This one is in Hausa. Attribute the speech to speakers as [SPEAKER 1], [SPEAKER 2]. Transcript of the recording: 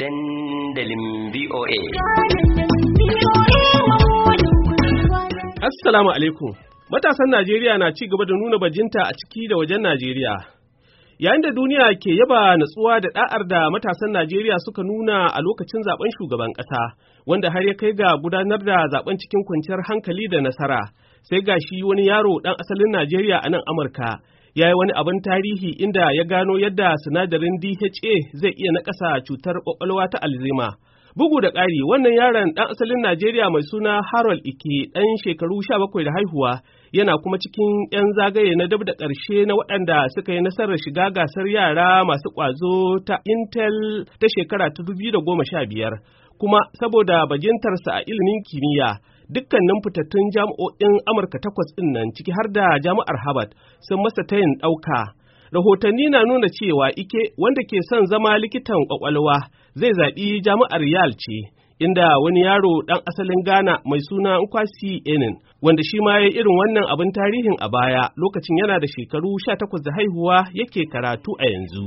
[SPEAKER 1] dandalin VOA. Assalamu alaikum. Matasan Najeriya na ci gaba da nuna bajinta a ciki da wajen Najeriya. Yayin da duniya ke yaba natsuwa da da'ar da matasan Najeriya suka nuna a lokacin zaben shugaban ƙasa, wanda har ya kai ga gudanar da zaben cikin kwanciyar hankali da nasara, sai gashi wani yaro ɗan asalin Najeriya a nan Amurka ya yi wani abin tarihi inda ya gano yadda sinadarin DHA zai iya nakasa cutar ƙwaƙwalwa ta alzima Bugu da ƙari, wannan yaron ɗan asalin Najeriya mai suna Harold Ike ɗan shekaru sha bakwai da haihuwa yana kuma cikin 'yan zagaye na dab da ƙarshe na waɗanda suka yi nasarar shiga gasar yara masu ƙwazo ta Intel ta shekara ta biyar, kuma saboda bajintarsa a ilimin kimiyya dukkanin fitattun jami'o'in Amurka takwas ɗin nan ciki har da jami'ar Harvard sun masa tayin ɗauka. Rahotanni na nuna cewa Ike wanda ke son zama likitan ƙwaƙwalwa zai zaɓi jami'ar Yal ce, inda wani yaro ɗan asalin Ghana mai suna Nkwasi Enin, wanda shi ma ya irin wannan abin tarihin a baya lokacin yana da shekaru sha takwas da haihuwa yake karatu a yanzu.